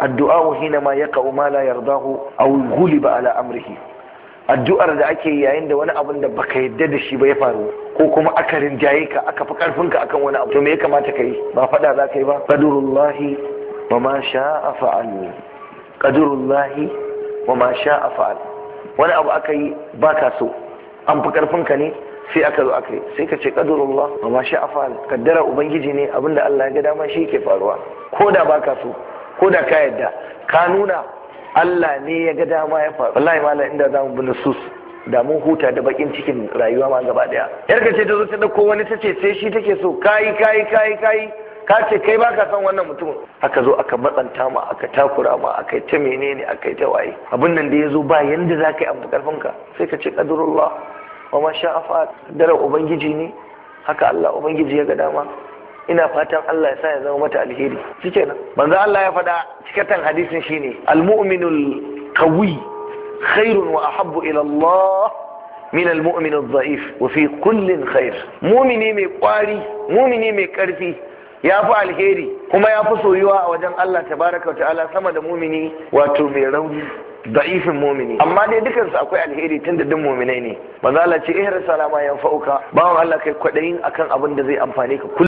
addu'a hinama yaqa'u ma la yardahu aw ghuliba ala amrihi addu'ar da ake yi yayin da wani abun da baka yadda da shi ba ya faru ko kuma aka rinjaye ka aka fi karfin akan wani abu to me ya kamata ka yi ba fada za ka yi ba qadurullahi wa ma sha'a fa'al qadurullahi wa ma sha'a fa'al wani abu aka yi ba ka so an fi karfin ne sai aka zo aka yi sai ka ce qadarullah wa ma sha'a fa'al kaddara ubangiji ne abinda Allah ya ga dama shi ke faruwa ko da ba ka so ko da ka yadda ka nuna Allah ne ya ga dama ya faru wallahi malam inda zamu bi nusus da mun huta da bakin cikin rayuwa ma gaba daya yar ce ta zo ta dauko wani tace sai shi take so kai kai kai kai ka ce kai baka son wannan mutum aka zo aka matsanta ma aka takura ma aka ta menene aka ta waye abin nan da ya zo ba yanda za ka yi abu karfin ka sai ka ce kadurullah wa ma sha'a dara ubangiji ne haka Allah ubangiji ya ga dama ina fatan Allah ya sa ya zama mata alheri shikenan manzo Allah ya faɗa cikatan hadisin shine almu'minul qawi khairun wa ahabbu ila Allah min almu'min adh-dha'if wa fi kullin khair mu'mini mai kwari mu'mini mai karfi ya fi alheri kuma ya fi soyuwa a wajen Allah tabaraka wa ta'ala sama da mumini wato mai rauni da'ifin mumini amma dai dukansu akwai alheri tun da duk muminai ne manzo Allah ce ihra salama yanfa'uka bawon Allah kai kwadayin akan abin da zai amfane ka